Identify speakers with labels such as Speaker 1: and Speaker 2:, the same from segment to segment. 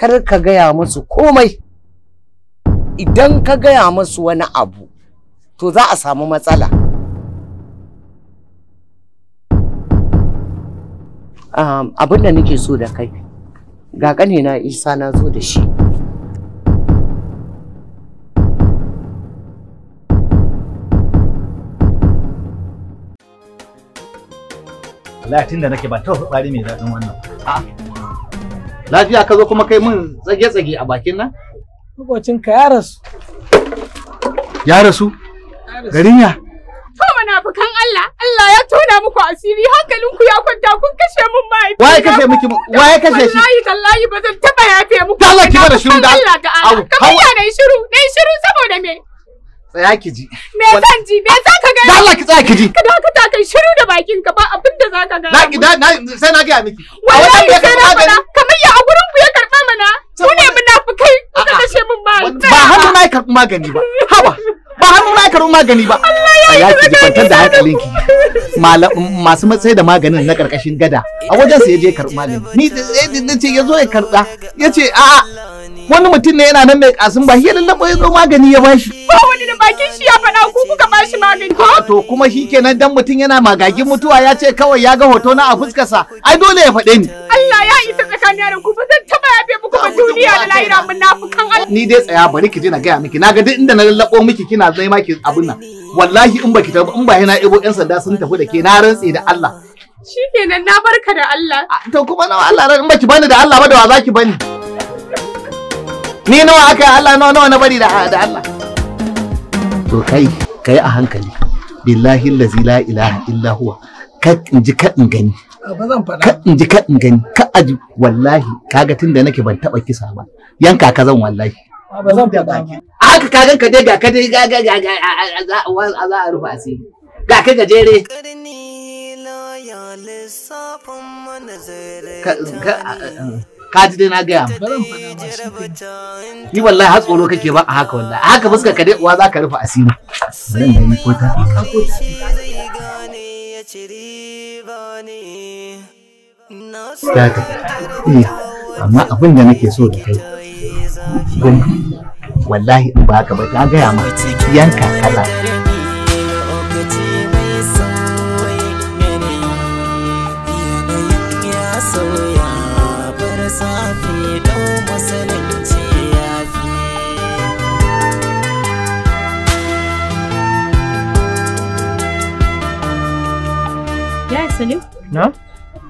Speaker 1: kar ka
Speaker 2: gaya musu komai
Speaker 1: idan ka gaya musu wani abu
Speaker 2: to za a samu matsala
Speaker 1: um, abin da nake so da kai ga ƙanina isa na zo da shi
Speaker 2: latin da nake ba ta tsari mai daɗin wannan Lafiya ka zo kuma kai mun tsage-tsage a bakin nan? Makocin ka ya rasu. Ya rasu? Garin ya?
Speaker 1: To munafukan Allah, Allah ya tona muku asiri hankalinku ya kwanta kun kashe mun mai. Waye kashe miki? Waye kashe shi? Wallahi tallahi ba zan taba yafe muku. Allah ki bada shiru da Allah ta Allah. Ka kiya dai shiru, dai shiru saboda me?
Speaker 2: Tsaya ki ji. Me zan ji? Me za ka ga? Allah ki tsaya ki ji. Ka dakata kai shiru da bakin ka ba abin da za ka ga. Na sai na ga miki. Wallahi sai na faɗa. ya a gurin ku ya karɓa mana. Ku ne munafukai ku ka kashe mun ba. Ba hannu na ya karɓi magani ba. Haba. Ba hannu na ya karɓi magani ba. Allah ya yi ki kwantar da ki. Masu matsayi da maganin na karkashin gada. A wajen sa ya je karɓi magani. Ni eh, ce ya zo ya karɓa. Ya ce a'a wani mutum ne yana nan mai kasin ba ya lallabo ya zo magani ya ba shi. Ba wani da bakin shi ya faɗa ku kuka ba shi magani. Ko to kuma shi kenan dan mutum yana magagin mutuwa ya ce kawai ya ga hoto na a fuskarsa ai dole ya faɗe ni.
Speaker 1: yaron ku ba zan taba yabe muku ba duniya da lahira munafukan
Speaker 2: Allah ni dai tsaya bari ki je na gaya miki na ga duk inda na lallabo miki kina zai ma ki abun nan wallahi in baki ta in ba yana ebo yan sanda sun tafi da ke na rantse da Allah shikenan na barka da Allah ah, to kuma nawa Allah ran in baki bani da Allah ba da wa zaki bani ni nawa aka Allah nawa nawa na bari da Allah to kai kai a hankali billahi allazi la ilaha illa huwa ka in ji ka in gani ba zan in ji ka gani ka aji wallahi kaga tunda nake ban taba kisa ba yanka ka zan wallahi ba zan faɗa haka kagan ka dai ga ka dai ga ga ga za a za a rufa asiri ga ka gajere ka ji dai na gaya ni wallahi har tsoro kake ba a haka wallahi haka fuskar ka dai uwa za ka rufe asiri zan gani ko ta ya ta iya amma abin da nake so da kai wallahi in ba haka ba ta gaya ma yanka kala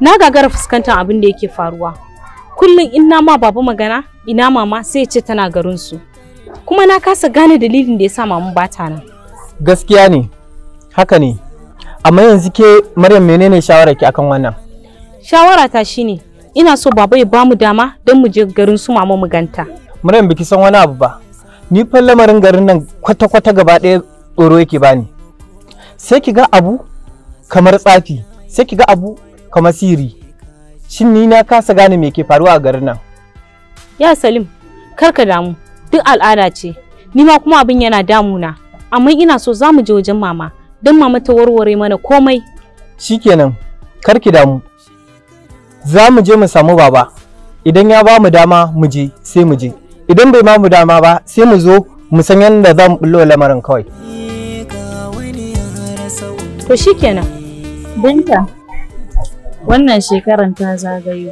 Speaker 1: na gagara fuskantar abin da yake faruwa kullum in na ma baba magana ina mama sai ya ce tana garinsu. kuma na kasa gane dalilin da ya sa mamu bata nan
Speaker 3: gaskiya ne haka ne amma yanzu ke maryam menene shawara ki akan wannan
Speaker 1: shawara ta shine ina so baba ya bamu dama don mu je garin su mama mu ganta
Speaker 3: maryam biki san wani abu ba ni fa lamarin garin nan kwata-kwata gaba ɗaya tsoro yake bani sai ki abu kamar tsafi sai ki abu kamar siri shin ni na kasa gane me ke faruwa a garin nan
Speaker 1: ya salim kar ka damu duk al'ada ce ni ma kuma abin yana damuna amma ina so za mu je wajen mama don mama ta warware mana komai
Speaker 3: shikenan kar damu za mu je mu samu baba idan ya ba mu dama mu je sai mu je idan bai ba mu dama ba sai mu zo mu san yadda za mu bullo lamarin kawai
Speaker 1: to shikenan binta Wannan shekaran ta zagayo,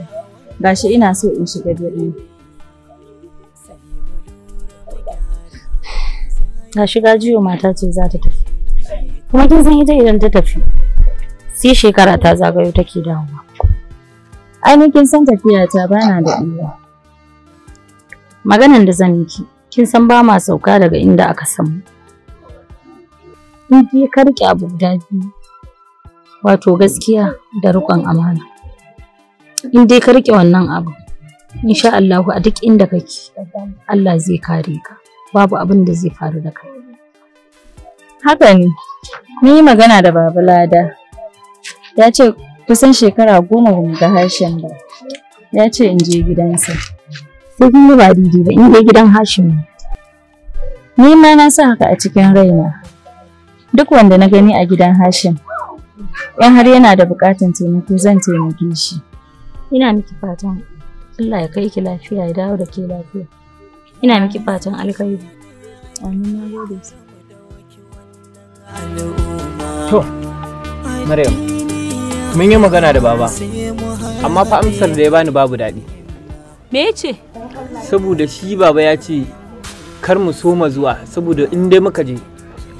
Speaker 1: gashi ina so in shiga birni. Ga shiga jiyo mata ce za ta tafi. Kuma kin san ita idan ta tafi, sai shekara ta zagayo take dawowa. Ai kin san tafiya ta bana da iya. Maganan da zan yi kin san ba ma sauka daga inda aka samu. In ka abu guda biyu, wato gaskiya da riƙon amana in dai ka rike wannan abu insha Allah a duk inda kake Allah zai kare ka babu abin da zai faru da kai haka ne ni magana da baba lada ya ce kusan shekara goma ba mu ga harshen ba ya ce in je gidansa sai kun yi ba daidai ba in je gidan hashim ni ma na sa haka a cikin raina duk wanda na gani a gidan hashim in har yana da buƙatar taimako zan taimake shi ina miki fatan Allah ya kai ki lafiya ya dawo da ke lafiya ina miki fatan alkhairi amin na gode
Speaker 3: to maryam mun yi magana da baba amma fa amsar da ya bani babu daɗi me yace saboda shi baba ya ce kar mu so mu zuwa saboda in dai muka je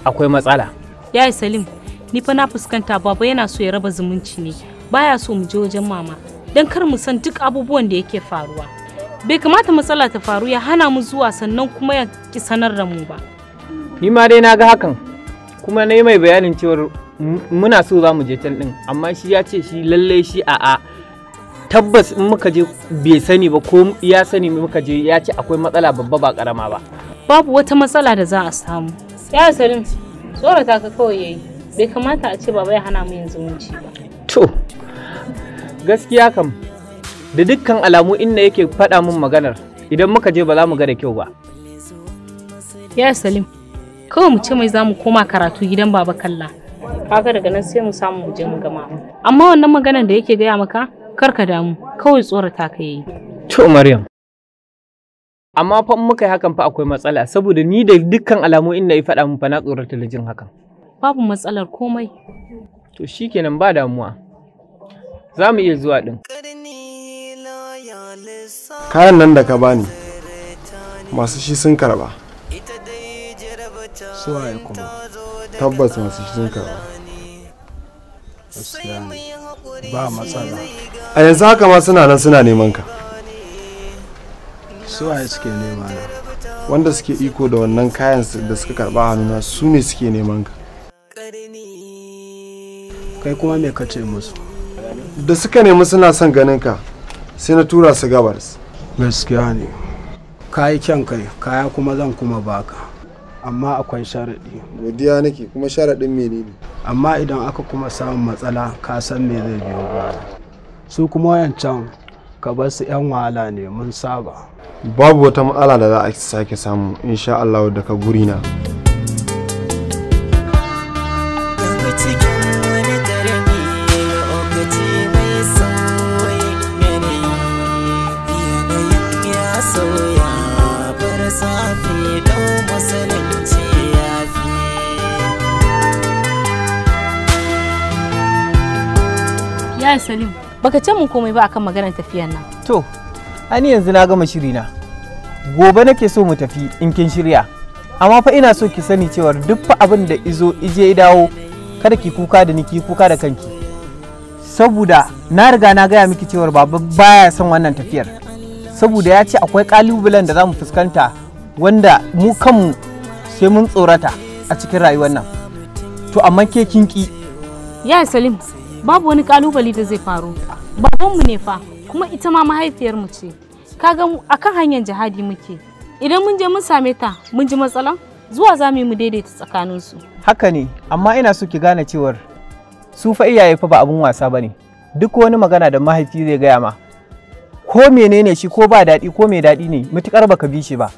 Speaker 3: akwai matsala
Speaker 1: ya salim ni fa na fuskanta baba yana so ya raba zumunci ne baya so mu je wajen mama don kar mu san duk abubuwan da yake faruwa bai kamata matsala ta faru ya hana mu zuwa sannan kuma ya ki sanar da mu ba
Speaker 3: ni ma dai na ga hakan kuma na yi mai bayanin cewar muna so za mu je can din amma shi ya ce shi lallai shi a'a tabbas in muka je bai sani ba ko ya sani muka je ya ce akwai matsala babba ba karama ba
Speaker 1: babu wata matsala da za a samu ya salim tsorata ka kawai yayi bai kamata a ce baba ya hana mu yin zumunci ba
Speaker 3: to gaskiya kam da dukkan alamu inda yake faɗa min maganar idan muka je ba za mu ga da kyau ba
Speaker 1: ya salim kawai mu ce mai za mu koma karatu gidan baba kalla kaga daga nan sai mu samu mu je mu gama amma wannan maganar da yake gaya maka kar ka damu kawai tsorata ka yi
Speaker 3: to maryam amma fa muka yi hakan fa akwai matsala saboda ni da dukkan alamu inda ya faɗa min fa na tsorata da jin hakan
Speaker 1: babu matsalar komai.
Speaker 3: To shikenan ba damuwa. Za mu iya zuwa ɗin. Kayan nan da ka bani masu shi sun karba. Suwaye kuma. Tabbas masu shi sun karba. Ba matsala. A yanzu haka ma suna nan suna neman ka. Suwaye suke nema na. Wanda suke iko da wannan kayan da suka karba hannuna su ne suke neman ka. kai kuma me ka ce musu da suka nemi suna son ganin ka sai na tura su gabas gaskiya ne ka kyan kai kaya kuma zan kuma baka amma akwai sharaɗi godiya nake kuma sharaɗin menene amma idan aka kuma samun matsala ka san me zai biyo ba su kuma wayancan ka bar su yan wahala ne mun saba babu wata matsala da za a sake samu insha Allah daga gurina.
Speaker 4: na
Speaker 1: ya Salim, baka ce mun komai ba akan maganar tafiyar nan.
Speaker 3: To, ani yanzu na gama shiri na. Gobe nake so mu tafi in kin shirya. Amma fa ina so ki sani cewa duk fa abin da izo ije dawo kada ki kuka da ni ki kuka da kanki. Saboda na riga na gaya miki cewa baba baya son wannan tafiyar. Saboda ya ce akwai kalubalen da za mu fuskanta wanda mu kanmu sai mun tsorata a cikin rayuwar nan. To amma ke kin ki.
Speaker 1: Ya Salim, babu wani kalubale da zai faru babanmu ne fa kuma ita ma mahaifiyarmu ce kaga akan hanyar jihadi muke idan mun je mun same ta mun ji matsalan zuwa za mu daidaita tsakanin su
Speaker 3: Haka ne, amma ina so ki gane cewar su fa iyaye fa ba abun wasa ba ne. Duk wani magana da mahaifi zai gaya ma, ko menene shi ko ba daɗi ko mai daɗi ne mutukar baka bi shi ba.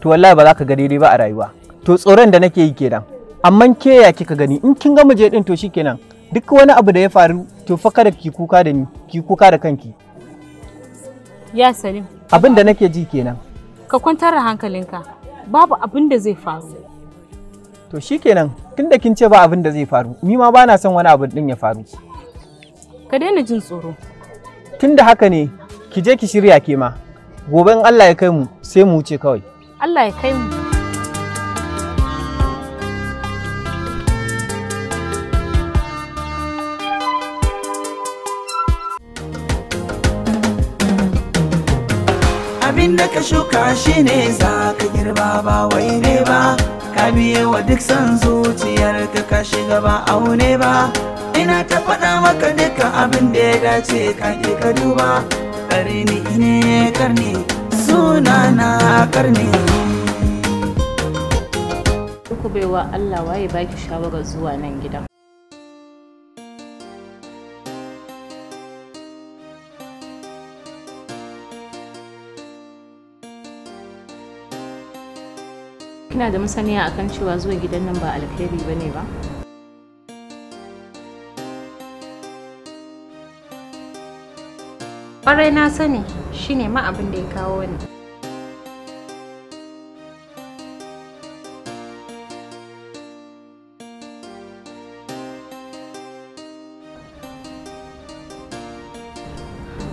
Speaker 3: To wallahi ba za ka ga daidai ba a rayuwa. To tsoron da nake yi kenan. Amma ke ya kika gani in kin ga muje din to shikenan. duk wani abu da ya faru to fa kada ki kuka da ni ki kuka da kanki ya salim abin da nake ji kenan
Speaker 1: ka kwantar da hankalinka babu abin da zai faru
Speaker 3: to shikenan tunda kin ce ba abin da zai faru ni ma ba na son wani abu din ya faru
Speaker 1: ka daina jin tsoro
Speaker 3: tunda haka ne ki je ki shirya ke ma gobe in Allah ya kai mu sai mu wuce kawai
Speaker 1: Allah ya kai mu
Speaker 4: da ka shuka shi ne za ka girba ba wai ne ba ka biye wa duk san zuciyar ka ka shiga ba aune ba ina ta faɗa maka duka abin da ya dace ka ke ka duba ni ne karni suna na karni
Speaker 1: ku baiwa Allah waye baki shawarar zuwa nan gidan kina da masaniya akan cewa zuwa gidan nan ba alkhairi bane ba kwarai na sani shine ma abin da ya kawo ni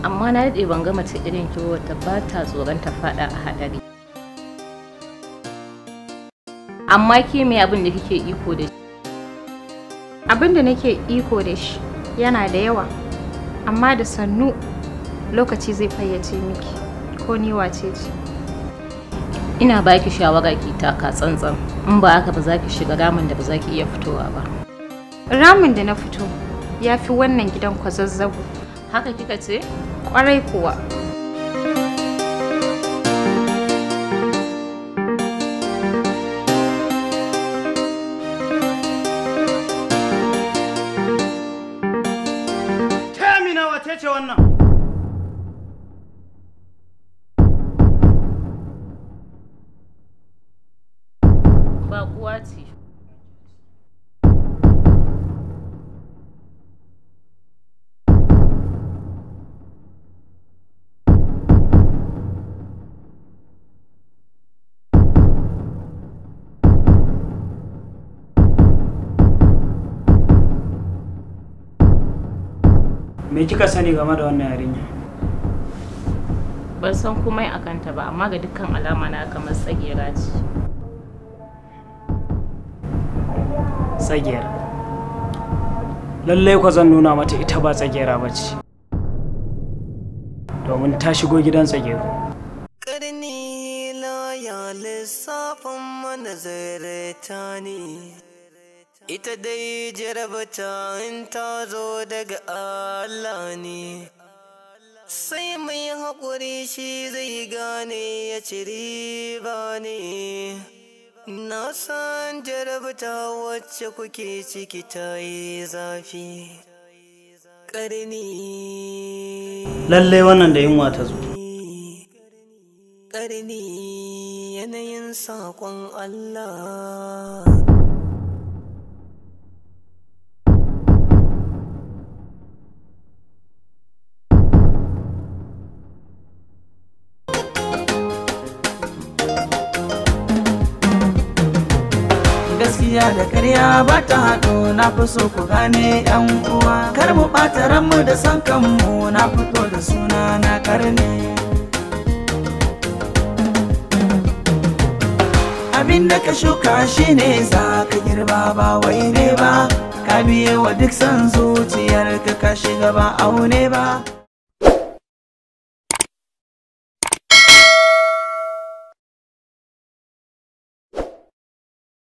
Speaker 1: amma na daɗe ban gama mace irin ki ba ta tsoron ta faɗa a hadari. amma ke me abin da kike iko da shi abin da nake iko da shi yana da yawa amma da sannu lokaci zai fayyace miki ko ni wace ce ina baki shawara ki taka tsantsan in ba haka ba za ki shiga ramin da ba za ki iya fitowa ba ramin da na fito ya fi wannan gidan kwazazzabu haka kika ce kwarai kuwa
Speaker 3: me kika sani game da wannan yarinya
Speaker 1: ban san komai a kanta ba amma ga dukkan alama na kamar tsagera ce
Speaker 3: tsagera lallai kwa zan nuna mata ita ba tsagera ba ce domin ta shigo gidan tsagera.
Speaker 4: ƙarni laya lissafin ne ita dai jarabta in ta zo daga Allah ne sai mai haƙuri shi zai gane ya ciri ba ne Na san jarabta wacce kuke ciki ta yi zafi ƙarni. Lallai wannan da yunwa ta zo. Ƙarni yanayin saƙon Allah. gaskiya da karya ba ta haɗo na fi so ku gane yan uwa kar mu ɓata ranmu da san kanmu na fito da suna na karne abin da ka shuka shine za ka girba ba wai ne ba ka biye wa duk son zuciyar ka ka shiga ba aune ba